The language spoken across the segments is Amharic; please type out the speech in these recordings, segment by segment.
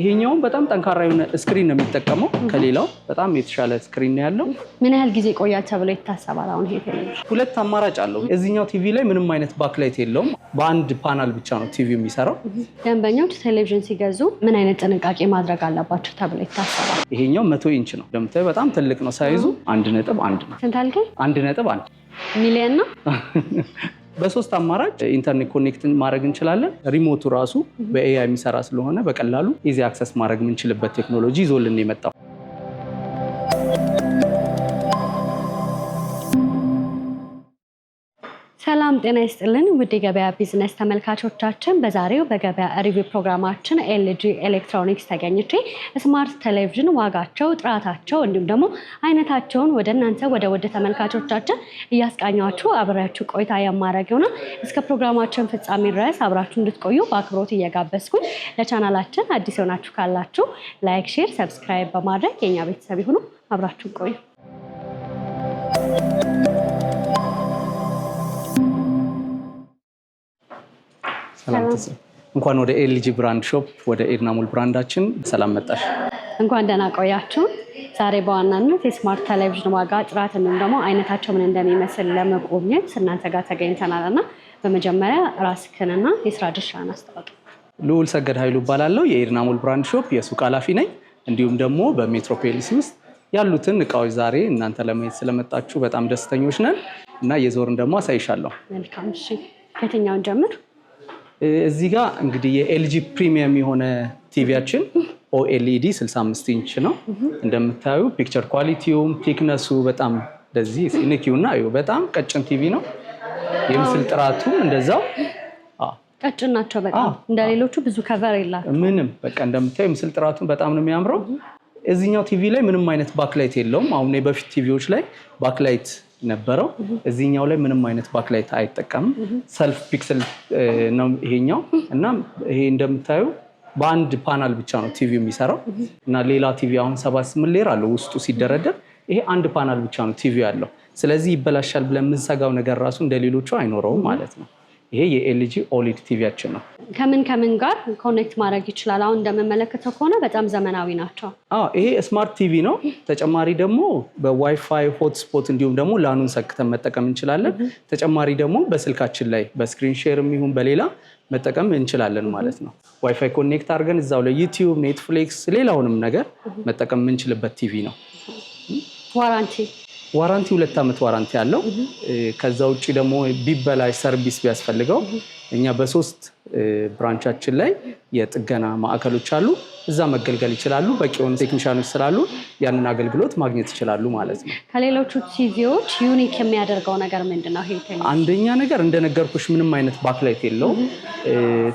ይሄኛውም በጣም ጠንካራ የሆነ ስክሪን ነው የሚጠቀመው። ከሌላው በጣም የተሻለ ስክሪን ነው ያለው። ምን ያህል ጊዜ ይቆያል ተብሎ ይታሰባል? አሁን ሁለት አማራጭ አለው። እዚኛው ቲቪ ላይ ምንም አይነት ባክላይት የለውም። በአንድ ፓናል ብቻ ነው ቲቪ የሚሰራው። ደንበኞች ቴሌቪዥን ሲገዙ ምን አይነት ጥንቃቄ ማድረግ አለባቸው ተብሎ ይታሰባል? ይሄኛው መቶ ኢንች ነው እንደምታዩ፣ በጣም ትልቅ ነው ሳይዙ። አንድ ነጥብ አንድ ነው። ስንት አልከኝ? አንድ ነጥብ አንድ ሚሊየን ነው በሶስት አማራጭ ኢንተርኔት ኮኔክት ማድረግ እንችላለን። ሪሞቱ ራሱ በኤአይ የሚሰራ ስለሆነ በቀላሉ ኢዚ አክሰስ ማድረግ የምንችልበት ቴክኖሎጂ ይዞልን የመጣው ጤና ይስጥልን ውድ የገበያ ቢዝነስ ተመልካቾቻችን፣ በዛሬው በገበያ ሪቪው ፕሮግራማችን ኤልጂ ኤሌክትሮኒክስ ተገኝቼ ስማርት ቴሌቪዥን ዋጋቸው፣ ጥራታቸው እንዲሁም ደግሞ አይነታቸውን ወደ እናንተ ወደ ውድ ተመልካቾቻችን እያስቃኛችሁ አብሬያችሁ ቆይታ የማድረግ ይሆናል። እስከ ፕሮግራማችን ፍጻሜ ድረስ አብራችሁ እንድትቆዩ በአክብሮት እየጋበዝኩኝ ለቻናላችን አዲስ የሆናችሁ ካላችሁ ላይክ፣ ሼር፣ ሰብስክራይብ በማድረግ የኛ ቤተሰብ ይሁኑ። አብራችሁ ቆዩ። ሰላም እንኳን ወደ ኤልጂ ብራንድ ሾፕ ወደ ኤድና ሞል ብራንዳችን ሰላም መጣሽ። እንኳን ደህና ቆያችሁ። ዛሬ በዋናነት የስማርት ቴሌቪዥን ዋጋ ጥራት፣ እንዲሁም ደግሞ አይነታቸው ምን እንደሚመስል ለመጎብኘት እናንተ ጋር ተገኝተናል እና በመጀመሪያ ራስክንና የስራ ድርሻን አስታወቅ። ልዑል ሰገድ ኃይሉ እባላለሁ። የኤድና ሞል ብራንድ ሾፕ የሱቅ ኃላፊ ነኝ። እንዲሁም ደግሞ በሜትሮፖሊስ ውስጥ ያሉትን እቃዎች ዛሬ እናንተ ለማየት ስለመጣችሁ በጣም ደስተኞች ነን እና የዞርን ደግሞ አሳይሻለሁ። መልካም። እሺ፣ ከየትኛውን ጀምር? እዚህ ጋር እንግዲህ የኤልጂ ፕሪሚየም የሆነ ቲቪያችን ኦኤልኢዲ 65 ኢንች ነው። እንደምታዩ ፒክቸር ኳሊቲውም ቲክነሱ በጣም ለዚህ ንኪውና እዩ። በጣም ቀጭን ቲቪ ነው። የምስል ጥራቱም እንደዛው ቀጭን ናቸው። በጣም እንደሌሎቹ ብዙ ከቨር የላቸውም ምንም። በቃ እንደምታዩ የምስል ጥራቱን በጣም ነው የሚያምረው። እዚህኛው ቲቪ ላይ ምንም አይነት ባክላይት የለውም። አሁን በፊት ቲቪዎች ላይ ባክላይት ነበረው። እዚህኛው ላይ ምንም አይነት ባክላይት አይጠቀምም። ሰልፍ ፒክስል ነው ይሄኛው እና ይሄ እንደምታዩ በአንድ ፓናል ብቻ ነው ቲቪ የሚሰራው እና ሌላ ቲቪ አሁን ሰባት ስምንት ሌር አለው ውስጡ ሲደረደር፣ ይሄ አንድ ፓናል ብቻ ነው ቲቪ ያለው። ስለዚህ ይበላሻል ብለን የምንሰጋው ነገር ራሱ እንደሌሎቹ አይኖረውም ማለት ነው። ይሄ የኤልጂ ኦሊድ ቲቪያችን ነው። ከምን ከምን ጋር ኮኔክት ማድረግ ይችላል? አሁን እንደምመለከተው ከሆነ በጣም ዘመናዊ ናቸው። አዎ ይሄ ስማርት ቲቪ ነው። ተጨማሪ ደግሞ በዋይፋይ ሆትስፖት እንዲሁም ደግሞ ላኑን ሰክተን መጠቀም እንችላለን። ተጨማሪ ደግሞ በስልካችን ላይ በስክሪን ሼር የሚሆን በሌላ መጠቀም እንችላለን ማለት ነው። ዋይፋይ ኮኔክት አድርገን እዛው ላይ ዩቲዩብ፣ ኔትፍሊክስ ሌላውንም ነገር መጠቀም የምንችልበት ቲቪ ነው። ዋራንቲ ዋራንቲ ሁለት ዓመት ዋራንቲ አለው። ከዛ ውጭ ደግሞ ቢበላሽ ሰርቪስ ቢያስፈልገው እኛ በሶስት ብራንቻችን ላይ የጥገና ማዕከሎች አሉ። እዛ መገልገል ይችላሉ። በቂ የሆኑ ቴክኒሻኖች ስላሉ ያንን አገልግሎት ማግኘት ይችላሉ ማለት ነው። ከሌሎቹ ቲቪዎች ዩኒክ የሚያደርገው ነገር ምንድን ነው? አንደኛ ነገር እንደነገርኩሽ ምንም አይነት ባክላይት የለው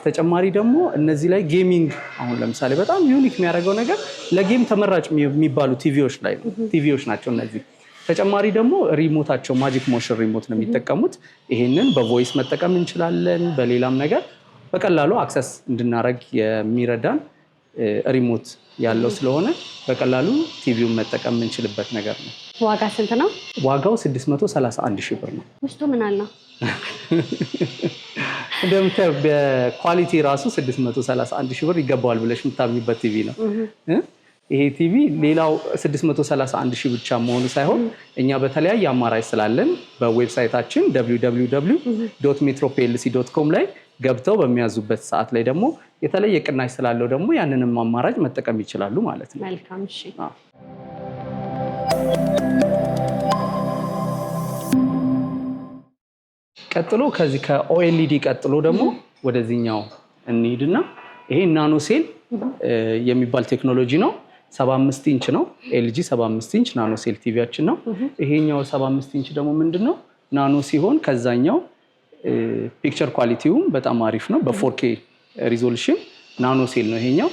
ተጨማሪ ደግሞ እነዚህ ላይ ጌሚንግ፣ አሁን ለምሳሌ በጣም ዩኒክ የሚያደርገው ነገር ለጌም ተመራጭ የሚባሉ ቲቪዎች ላይ ነው ቲቪዎች ናቸው እነዚህ ተጨማሪ ደግሞ ሪሞታቸው ማጂክ ሞሽን ሪሞት ነው የሚጠቀሙት። ይሄንን በቮይስ መጠቀም እንችላለን፣ በሌላም ነገር በቀላሉ አክሰስ እንድናደረግ የሚረዳን ሪሞት ያለው ስለሆነ በቀላሉ ቲቪውን መጠቀም የምንችልበት ነገር ነው። ዋጋ ስንት ነው? ዋጋው 631 ሺህ ብር ነው። ውስጡ ምን አለ? እንደምታየው በኳሊቲ ራሱ 631 ሺህ ብር ይገባዋል ብለሽ የምታምኝበት ቲቪ ነው። ይሄ ቲቪ ሌላው 631 ሺህ ብቻ መሆኑ ሳይሆን እኛ በተለያየ አማራጭ ስላለን በዌብሳይታችን ኮም ላይ ገብተው በሚያዙበት ሰዓት ላይ ደግሞ የተለየ ቅናሽ ስላለው ደግሞ ያንንም አማራጭ መጠቀም ይችላሉ ማለት ነው። መልካም እሺ። ቀጥሎ ከዚህ ከኦኤልኢዲ ቀጥሎ ደግሞ ወደዚህኛው እንሂድና ይሄ ናኖሴል የሚባል ቴክኖሎጂ ነው። 75 ኢንች ነው። ኤልጂ 75 ኢንች ናኖ ሴል ቲቪያችን ነው። ይሄኛው 75 ኢንች ደግሞ ምንድን ነው ናኖ ሲሆን ከዛኛው ፒክቸር ኳሊቲውም በጣም አሪፍ ነው። በፎርኬ ሪዞሉሽን ናኖ ሴል ነው ይሄኛው።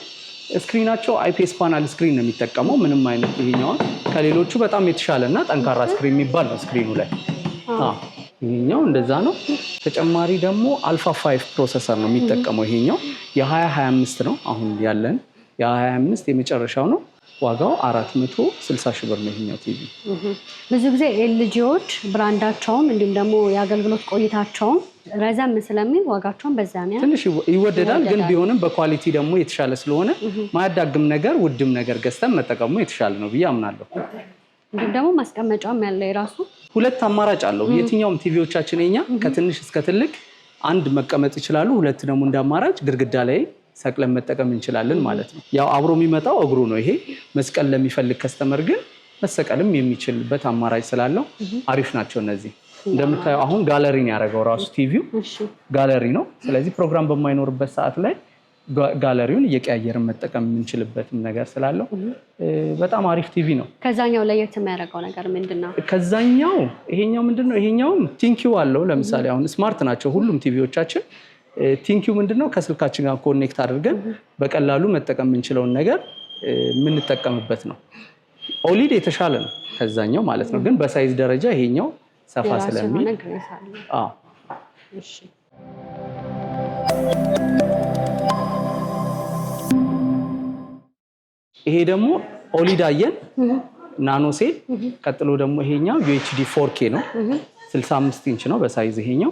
ስክሪናቸው አይፒኤስ ፓናል ስክሪን ነው የሚጠቀመው። ምንም አይነት ይሄኛዋ ከሌሎቹ በጣም የተሻለ እና ጠንካራ ስክሪን የሚባል ነው ስክሪኑ ላይ ይሄኛው እንደዛ ነው። ተጨማሪ ደግሞ አልፋ ፋይቭ ፕሮሰሰር ነው የሚጠቀመው ይሄኛው የ2025 ነው አሁን ያለን የ25 የመጨረሻው ነው። ዋጋው 460 ሺህ ብር ነው ይሄኛው ቲቪ። ብዙ ጊዜ ኤልጂዎች ብራንዳቸውም እንዲሁም ደግሞ የአገልግሎት ቆይታቸውም ረዘም ስለሚል ዋጋቸውን በዛ ያ ትንሽ ይወደዳል። ግን ቢሆንም በኳሊቲ ደግሞ የተሻለ ስለሆነ ማያዳግም ነገር ውድም ነገር ገዝተን መጠቀሙ የተሻለ ነው ብዬ አምናለሁ። እንዲሁም ደግሞ ማስቀመጫውም ያለ የራሱ ሁለት አማራጭ አለው። የትኛውም ቲቪዎቻችን የኛ ከትንሽ እስከ ትልቅ አንድ መቀመጥ ይችላሉ። ሁለት ደግሞ እንደ አማራጭ ግድግዳ ላይ ሰቅለን መጠቀም እንችላለን ማለት ነው። ያው አብሮ የሚመጣው እግሩ ነው። ይሄ መስቀል ለሚፈልግ ከስተመር ግን መሰቀልም የሚችልበት አማራጭ ስላለው አሪፍ ናቸው እነዚህ። እንደምታየው አሁን ጋለሪን ያደረገው ራሱ ቲቪው ጋለሪ ነው። ስለዚህ ፕሮግራም በማይኖርበት ሰዓት ላይ ጋለሪውን እየቀያየርን መጠቀም የምንችልበትም ነገር ስላለው በጣም አሪፍ ቲቪ ነው። ከዛኛው ለየት የሚያደርገው ነገር ምንድን ነው? ከዛኛው ይሄኛው ምንድን ነው? ይሄኛውም ቲንኪው አለው። ለምሳሌ አሁን ስማርት ናቸው ሁሉም ቲቪዎቻችን ቲንኪው ምንድነው ከስልካችን ጋር ኮኔክት አድርገን በቀላሉ መጠቀም የምንችለውን ነገር የምንጠቀምበት ነው። ኦሊድ የተሻለ ነው ከዛኛው ማለት ነው፣ ግን በሳይዝ ደረጃ ይሄኛው ሰፋ ስለሚል ይሄ ደግሞ ኦሊድ አየን ናኖ ሴል። ቀጥሎ ደግሞ ይሄኛው ዩኤችዲ ፎርኬ ነው፣ 65 ኢንች ነው በሳይዝ ይሄኛው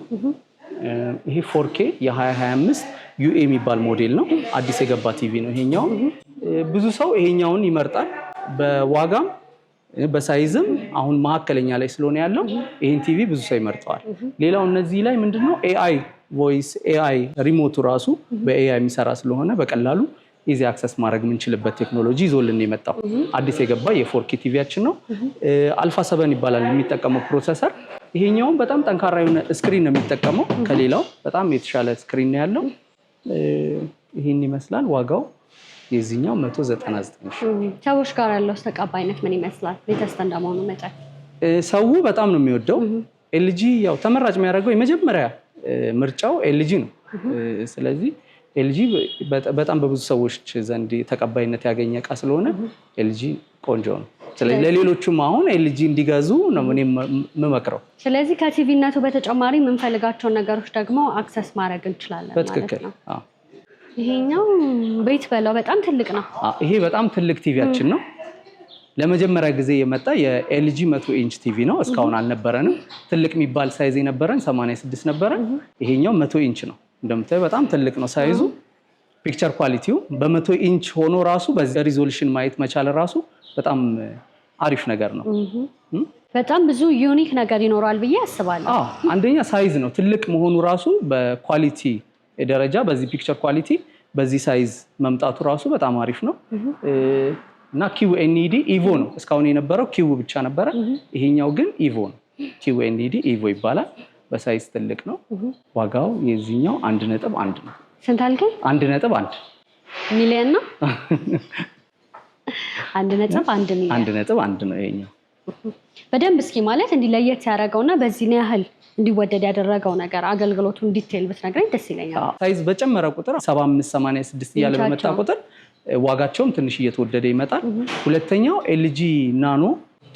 ይሄ ፎርኬ የ2025 ዩኤ የሚባል ሞዴል ነው። አዲስ የገባ ቲቪ ነው ይሄኛው። ብዙ ሰው ይሄኛውን ይመርጣል። በዋጋም በሳይዝም አሁን መካከለኛ ላይ ስለሆነ ያለው ይህን ቲቪ ብዙ ሰው ይመርጠዋል። ሌላው እነዚህ ላይ ምንድነው ኤአይ ቮይስ ኤአይ ሪሞቱ ራሱ በኤአይ የሚሰራ ስለሆነ በቀላሉ ኢዚ አክሰስ ማድረግ የምንችልበት ቴክኖሎጂ ይዞልን የመጣው አዲስ የገባ የፎርኬ ቲቪያችን ነው። አልፋ ሰበን ይባላል የሚጠቀመው ፕሮሰሰር ይሄኛውም በጣም ጠንካራ የሆነ ስክሪን ነው የሚጠቀመው። ከሌላው በጣም የተሻለ ስክሪን ነው ያለው። ይህን ይመስላል ዋጋው የዚህኛው 199 ሰዎች ጋር ያለው ተቀባይነት ምን ይመስላል? ሌተስት እንደመሆኑ መጠን ሰው በጣም ነው የሚወደው። ኤልጂ ያው ተመራጭ የሚያደርገው የመጀመሪያ ምርጫው ኤልጂ ነው። ስለዚህ ኤልጂ በጣም በብዙ ሰዎች ዘንድ ተቀባይነት ያገኘ እቃ ስለሆነ ኤልጂ ቆንጆ ነው። ስለዚህ ለሌሎቹም አሁን ኤልጂ እንዲገዙ ነው እኔ የምመክረው። ስለዚህ ከቲቪነቱ በተጨማሪ የምንፈልጋቸውን ነገሮች ደግሞ አክሰስ ማድረግ እንችላለን። በትክክል ይሄኛው ቤት በላው በጣም ትልቅ ነው። ይሄ በጣም ትልቅ ቲቪያችን ነው። ለመጀመሪያ ጊዜ የመጣ የኤልጂ መቶ ኢንች ቲቪ ነው። እስካሁን አልነበረንም። ትልቅ የሚባል ሳይዝ የነበረን 86 ነበረ። ይሄኛው መቶ ኢንች ነው። እንደምታዩ በጣም ትልቅ ነው ሳይዙ። ፒክቸር ኳሊቲው በመቶ ኢንች ሆኖ ራሱ በዚህ ሪዞሉሽን ማየት መቻል ራሱ በጣም አሪፍ ነገር ነው። በጣም ብዙ ዩኒክ ነገር ይኖራል ብዬ አስባለሁ። አንደኛ ሳይዝ ነው ትልቅ መሆኑ ራሱ በኳሊቲ ደረጃ በዚህ ፒክቸር ኳሊቲ በዚህ ሳይዝ መምጣቱ ራሱ በጣም አሪፍ ነው እና ኪው ኤንኢዲ ኢቮ ነው። እስካሁን የነበረው ኪው ብቻ ነበረ። ይሄኛው ግን ኢቮ ነው። ኪው ኤንኢዲ ኢቮ ይባላል። በሳይዝ ትልቅ ነው። ዋጋው የዚህኛው አንድ ነጥብ አንድ ነው። ስንት አልከኝ? አንድ ነጥብ አንድ ሚሊየን ነው። አንድ ነጥብ አንድ ሚሊዮን አንድ ነጥብ አንድ ነው ይሄኛው። በደንብ እስኪ ማለት እንዲህ ለየት ና በዚህ ነው ያህል እንዲወደድ ያደረገው ነገር አገልግሎቱ ዲቴል ብትነግረኝ ደስ ይለኛል። ሳይዝ በጨመረ ቁጥር 75 ስድስት እያለ በመጣ ቁጥር ዋጋቸውም ትንሽ እየተወደደ ይመጣል። ሁለተኛው ኤልጂ ናኖ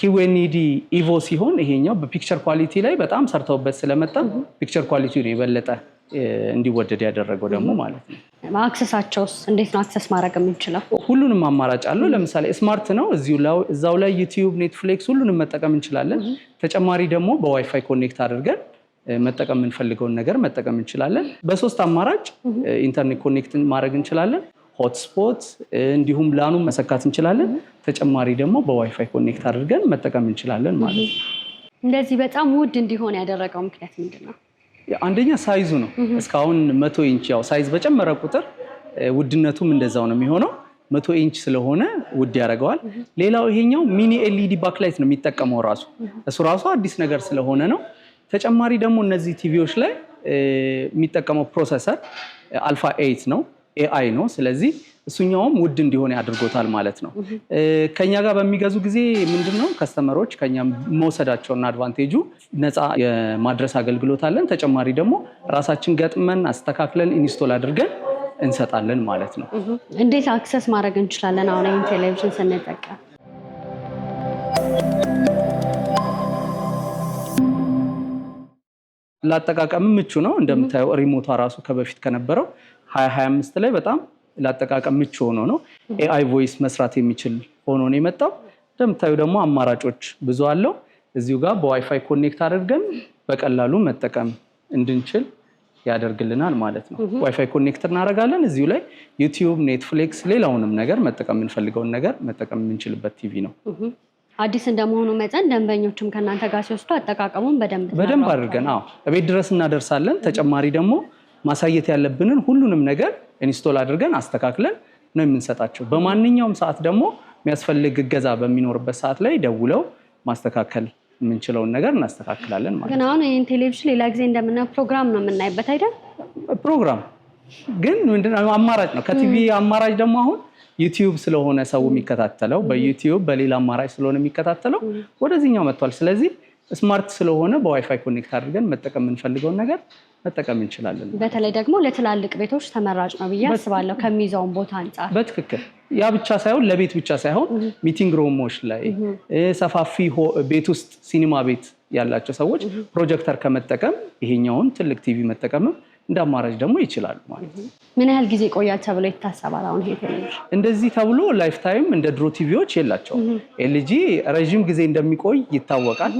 ኪዌኒዲ ኢቮ ሲሆን ይሄኛው በፒክቸር ኳሊቲ ላይ በጣም ሰርተውበት ስለመጣ ፒክቸር ኳሊቲ ነው የበለጠ እንዲወደድ ያደረገው ደግሞ ማለት ነው። አክሰሳቸውስ እንዴት ነው? አክሰስ ማድረግ የምንችለው ሁሉንም አማራጭ አሉ። ለምሳሌ ስማርት ነው፣ እዛው ላይ ዩቲዩብ፣ ኔትፍሊክስ ሁሉንም መጠቀም እንችላለን። ተጨማሪ ደግሞ በዋይፋይ ኮኔክት አድርገን መጠቀም የምንፈልገውን ነገር መጠቀም እንችላለን። በሶስት አማራጭ ኢንተርኔት ኮኔክት ማድረግ እንችላለን። ሆትስፖት እንዲሁም ላኑን መሰካት እንችላለን። ተጨማሪ ደግሞ በዋይፋይ ኮኔክት አድርገን መጠቀም እንችላለን ማለት ነው። እንደዚህ በጣም ውድ እንዲሆን ያደረገው ምክንያት ምንድን ነው? አንደኛ ሳይዙ ነው። እስካሁን መቶ ኢንች ያው ሳይዝ በጨመረ ቁጥር ውድነቱም እንደዛው ነው የሚሆነው። መቶ ኢንች ስለሆነ ውድ ያደርገዋል። ሌላው ይሄኛው ሚኒ ኤልኢዲ ባክላይት ነው የሚጠቀመው ራሱ እሱ ራሱ አዲስ ነገር ስለሆነ ነው። ተጨማሪ ደግሞ እነዚህ ቲቪዎች ላይ የሚጠቀመው ፕሮሰሰር አልፋ ኤይት ነው ኤአይ ነው። ስለዚህ እሱኛውም ውድ እንዲሆን ያድርጎታል ማለት ነው። ከኛ ጋር በሚገዙ ጊዜ ምንድን ነው ከስተመሮች ከኛ መውሰዳቸውና አድቫንቴጁ ነፃ የማድረስ አገልግሎት አለን። ተጨማሪ ደግሞ ራሳችን ገጥመን አስተካክለን ኢንስቶል አድርገን እንሰጣለን ማለት ነው። እንዴት አክሰስ ማድረግ እንችላለን? አሁን ይህን ቴሌቪዥን ስንጠቀም ለአጠቃቀም ምቹ ነው። እንደምታየው ሪሞቷ ራሱ ከበፊት ከነበረው ሀያ 25 ላይ በጣም ለአጠቃቀም ምቹ ሆኖ ነው ኤአይ ቮይስ መስራት የሚችል ሆኖ ነው የመጣው። እንደምታዩ ደግሞ አማራጮች ብዙ አለው። እዚሁ ጋር በዋይፋይ ኮኔክት አድርገን በቀላሉ መጠቀም እንድንችል ያደርግልናል ማለት ነው። ዋይፋይ ኮኔክት እናደርጋለን። እዚሁ ላይ ዩቲዩብ፣ ኔትፍሊክስ፣ ሌላውንም ነገር መጠቀም የምንፈልገውን ነገር መጠቀም የምንችልበት ቲቪ ነው። አዲስ እንደመሆኑ መጠን ደንበኞችም ከእናንተ ጋር ሲወስዱ አጠቃቀሙን በደንብ በደንብ አድርገን ቤት ድረስ እናደርሳለን። ተጨማሪ ደግሞ ማሳየት ያለብንን ሁሉንም ነገር ኢንስቶል አድርገን አስተካክለን ነው የምንሰጣቸው። በማንኛውም ሰዓት ደግሞ የሚያስፈልግ እገዛ በሚኖርበት ሰዓት ላይ ደውለው ማስተካከል የምንችለውን ነገር እናስተካክላለን ማለት ነው። ግን አሁን ይህን ቴሌቪዥን ሌላ ጊዜ እንደምናየው ፕሮግራም ነው የምናይበት አይደል? ፕሮግራም ግን ምንድነው አማራጭ ነው። ከቲቪ አማራጭ ደግሞ አሁን ዩቲዩብ ስለሆነ ሰው የሚከታተለው በዩቲዩብ በሌላ አማራጭ ስለሆነ የሚከታተለው ወደዚህኛው መጥቷል። ስለዚህ ስማርት ስለሆነ በዋይፋይ ኮኔክት አድርገን መጠቀም የምንፈልገውን ነገር መጠቀም እንችላለን። በተለይ ደግሞ ለትላልቅ ቤቶች ተመራጭ ነው ብዬ አስባለሁ ከሚይዘውን ቦታ አንጻር። በትክክል ያ ብቻ ሳይሆን ለቤት ብቻ ሳይሆን ሚቲንግ ሮሞች ላይ ሰፋፊ ቤት ውስጥ ሲኒማ ቤት ያላቸው ሰዎች ፕሮጀክተር ከመጠቀም ይሄኛውን ትልቅ ቲቪ መጠቀምም እንደ አማራጭ ደግሞ ይችላሉ ማለት ነው። ምን ያህል ጊዜ ይቆያል ተብሎ ይታሰባል? አሁን እንደዚህ ተብሎ ላይፍ ታይም እንደ ድሮ ቲቪዎች የላቸውም። ኤልጂ ረዥም ጊዜ እንደሚቆይ ይታወቃል።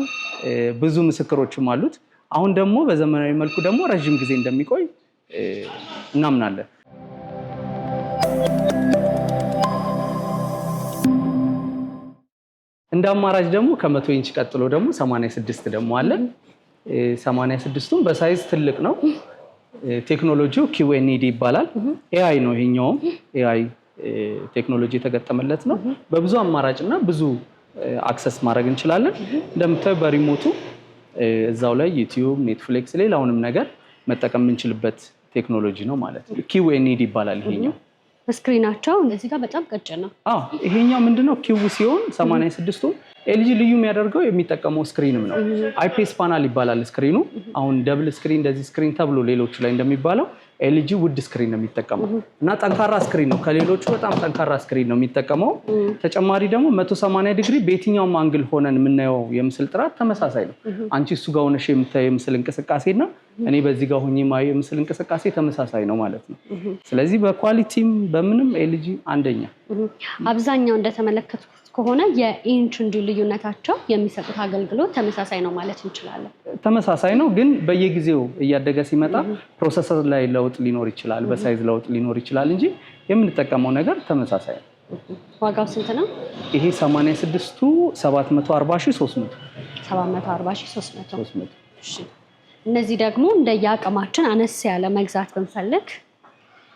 ብዙ ምስክሮችም አሉት። አሁን ደግሞ በዘመናዊ መልኩ ደግሞ ረዥም ጊዜ እንደሚቆይ እናምናለን። እንደ አማራጭ ደግሞ ከመቶ ኢንች ቀጥሎ ደግሞ 86 ደግሞ አለ 86 86ቱም በሳይዝ ትልቅ ነው ቴክኖሎጂው ኪዌኒዲ ይባላል። ኤአይ ነው ይሄኛውም ኤአይ ቴክኖሎጂ የተገጠመለት ነው። በብዙ አማራጭ እና ብዙ አክሰስ ማድረግ እንችላለን። እንደምታዩ በሪሞቱ እዛው ላይ ዩቲዩብ፣ ኔትፍሊክስ፣ ሌላውንም ነገር መጠቀም የምንችልበት ቴክኖሎጂ ነው ማለት ነው። ኪዌኒዲ ይባላል ይሄኛው። ስክሪናቸው እንደዚህ ጋር በጣም ቀጭን ነው። አዎ ይሄኛው ምንድነው ኪው ሲሆን 86ቱም ኤልጂ ልዩ የሚያደርገው የሚጠቀመው ስክሪንም ነው። አይፒስ ፓናል ይባላል ስክሪኑ። አሁን ደብል ስክሪን እንደዚህ ስክሪን ተብሎ ሌሎቹ ላይ እንደሚባለው ኤልጂ ውድ ስክሪን ነው የሚጠቀመው እና ጠንካራ ስክሪን ነው። ከሌሎቹ በጣም ጠንካራ ስክሪን ነው የሚጠቀመው። ተጨማሪ ደግሞ 180 ዲግሪ በየትኛውም አንግል ሆነን የምናየው የምስል ጥራት ተመሳሳይ ነው። አንቺ እሱ ጋር ሆነሽ የምታየው የምስል እንቅስቃሴና እኔ በዚህ ጋር ሆኜ የማየው የምስል እንቅስቃሴ ተመሳሳይ ነው ማለት ነው። ስለዚህ በኳሊቲም በምንም ኤልጂ አንደኛ አብዛኛው እንደተመለከትኩት ከሆነ የኢንች ልዩነታቸው የሚሰጡት አገልግሎት ተመሳሳይ ነው ማለት እንችላለን። ተመሳሳይ ነው፣ ግን በየጊዜው እያደገ ሲመጣ ፕሮሰሰር ላይ ለውጥ ሊኖር ይችላል፣ በሳይዝ ለውጥ ሊኖር ይችላል እንጂ የምንጠቀመው ነገር ተመሳሳይ ነው። ዋጋው ስንት ነው? ይሄ 86ቱ 740300 እነዚህ ደግሞ እንደ የአቅማችን አነስ ያለ መግዛት ብንፈልግ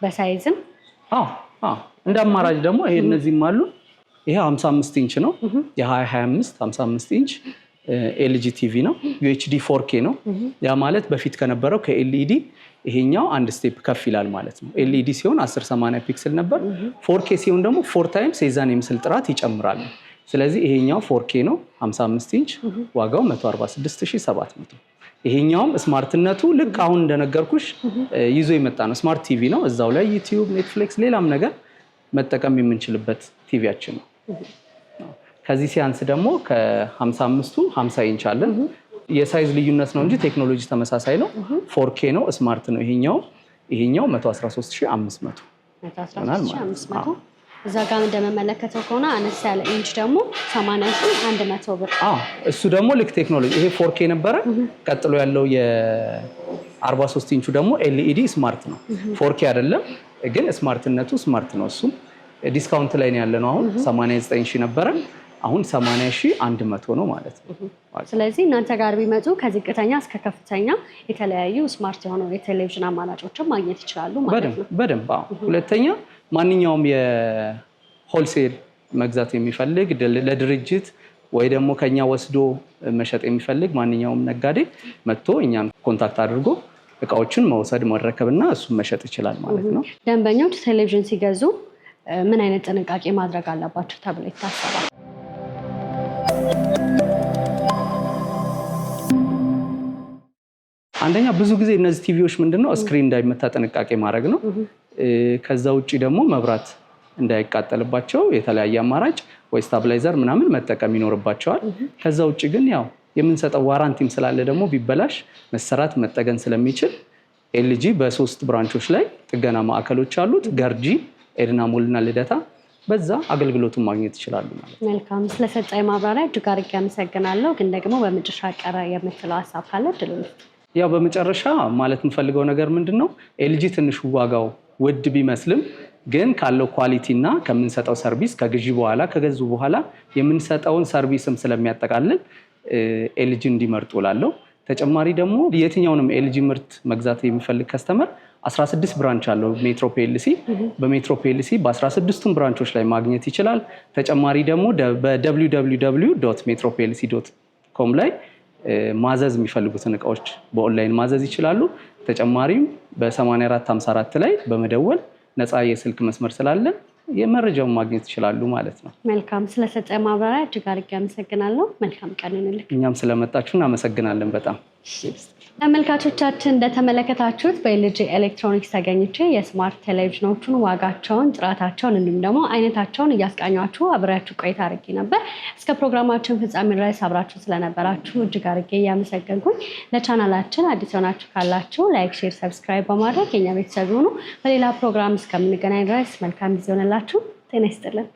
በሳይዝም እንደ አማራጭ ደግሞ ይሄ እነዚህም አሉ። ይሄ 55 ኢንች ነው። የ2025 55 ኢንች ኤልጂ ቲቪ ነው። ዩኤችዲ ፎርኬ ነው። ያ ማለት በፊት ከነበረው ከኤልኢዲ ይሄኛው አንድ ስቴፕ ከፍ ይላል ማለት ነው። ኤልኢዲ ሲሆን 1080 ፒክስል ነበር። ፎርኬ ሲሆን ደግሞ ፎር ታይምስ የዛን የምስል ጥራት ይጨምራል። ስለዚህ ይሄኛው ፎርኬ ነው 55 ኢንች ዋጋው 146700 ይሄኛውም ስማርትነቱ ልክ አሁን እንደነገርኩሽ ይዞ የመጣ ነው። ስማርት ቲቪ ነው። እዛው ላይ ዩቲዩብ፣ ኔትፍሊክስ ሌላም ነገር መጠቀም የምንችልበት ቲቪያችን ነው። ከዚህ ሲያንስ ደግሞ ከ55ቱ 50 ኢንች አለን። የሳይዝ ልዩነት ነው እንጂ ቴክኖሎጂ ተመሳሳይ ነው። ፎርኬ ነው፣ ስማርት ነው። ይሄኛው ይሄኛው 113500 እዛ ጋር እንደምመለከተው ከሆነ አነስ ያለ ኢንች ደግሞ 81 ብር። እሱ ደግሞ ልክ ቴክኖሎጂ ይሄ ፎርኬ ነበረ። ቀጥሎ ያለው የ43 ኢንቹ ደግሞ ኤልኢዲ ስማርት ነው። ፎርኬ አይደለም ግን ስማርትነቱ ስማርት ነው። እሱም ዲስካውንት ላይ ነው አሁን 89 ሺህ ነበረ አሁን 80 ሺህ መቶ ነው ማለት ነው። ስለዚህ እናንተ ጋር ቢመጡ ከዝቅተኛ እስከ ከፍተኛ የተለያዩ ስማርት የሆኑ የቴሌቪዥን አማራጮችን ማግኘት ይችላሉ ማለት ነው። በደንብ ሁለተኛ፣ ማንኛውም የሆልሴል መግዛት የሚፈልግ ለድርጅት ወይ ደግሞ ከኛ ወስዶ መሸጥ የሚፈልግ ማንኛውም ነጋዴ መጥቶ እኛን ኮንታክት አድርጎ እቃዎችን መውሰድ መረከብ እሱን መሸጥ ይችላል ማለት ነው። ደንበኞች ቴሌቪዥን ሲገዙ ምን አይነት ጥንቃቄ ማድረግ አለባቸው ተብሎ ይታሰባል? አንደኛ ብዙ ጊዜ እነዚህ ቲቪዎች ምንድነው ስክሪን እንዳይመታ ጥንቃቄ ማድረግ ነው። ከዛ ውጭ ደግሞ መብራት እንዳይቃጠልባቸው የተለያየ አማራጭ ወይ ስታብላይዘር ምናምን መጠቀም ይኖርባቸዋል። ከዛ ውጭ ግን ያው የምንሰጠው ዋራንቲም ስላለ ደግሞ ቢበላሽ መሰራት መጠገን ስለሚችል ኤልጂ በሶስት ብራንቾች ላይ ጥገና ማዕከሎች አሉት። ገርጂ፣ ኤድና ሞልና ልደታ በዛ አገልግሎቱን ማግኘት ይችላሉ ማለት ነው። መልካም ስለሰጠኝ ማብራሪያ እጅግ አድርጌ አመሰግናለሁ። ግን ደግሞ በመጨረሻ ቀረ የምትለው ሀሳብ ካለ ድል ያው በመጨረሻ ማለት የምፈልገው ነገር ምንድን ነው ኤልጂ ትንሽ ዋጋው ውድ ቢመስልም ግን ካለው ኳሊቲ እና ከምንሰጠው ሰርቪስ ከግዢ በኋላ ከገዙ በኋላ የምንሰጠውን ሰርቪስም ስለሚያጠቃልል ኤልጂ እንዲመርጡ ላለው ተጨማሪ ደግሞ የትኛውንም ኤልጂ ምርት መግዛት የሚፈልግ ከስተመር 16 ብራንች አለው ሜትሮ ፒኤልሲ። በሜትሮ ፒኤልሲ በ16ቱም ብራንቾች ላይ ማግኘት ይችላል። ተጨማሪ ደግሞ በደብሊው ደብሊው ዶት ሜትሮ ፒኤልሲ ዶት ኮም ላይ ማዘዝ የሚፈልጉትን እቃዎች በኦንላይን ማዘዝ ይችላሉ። ተጨማሪም በ8454 ላይ በመደወል ነፃ የስልክ መስመር ስላለን የመረጃውን ማግኘት ይችላሉ ማለት ነው። መልካም ስለሰጠ ማብራሪያ እጅግ አድርጌ አመሰግናለሁ። መልካም ቀን እንልክ። እኛም ስለመጣችሁ እናመሰግናለን በጣም ተመልካቾቻችን እንደተመለከታችሁት በኤልጂ ኤሌክትሮኒክስ ተገኝቼ የስማርት ቴሌቪዥኖቹን ዋጋቸውን፣ ጥራታቸውን እንዲሁም ደግሞ አይነታቸውን እያስቃኟችሁ አብሬያችሁ ቆይታ አድርጌ ነበር። እስከ ፕሮግራማችን ፍጻሜ ድረስ አብራችሁ ስለነበራችሁ እጅግ አድርጌ እያመሰገንኩኝ ለቻናላችን አዲስ የሆናችሁ ካላችሁ ላይክ፣ ሼር፣ ሰብስክራይብ በማድረግ የኛ ቤተሰብ ሆኑ በሌላ ፕሮግራም እስከምንገናኝ ድረስ መልካም ጊዜ ሆነላችሁ። ጤና ይስጥልን።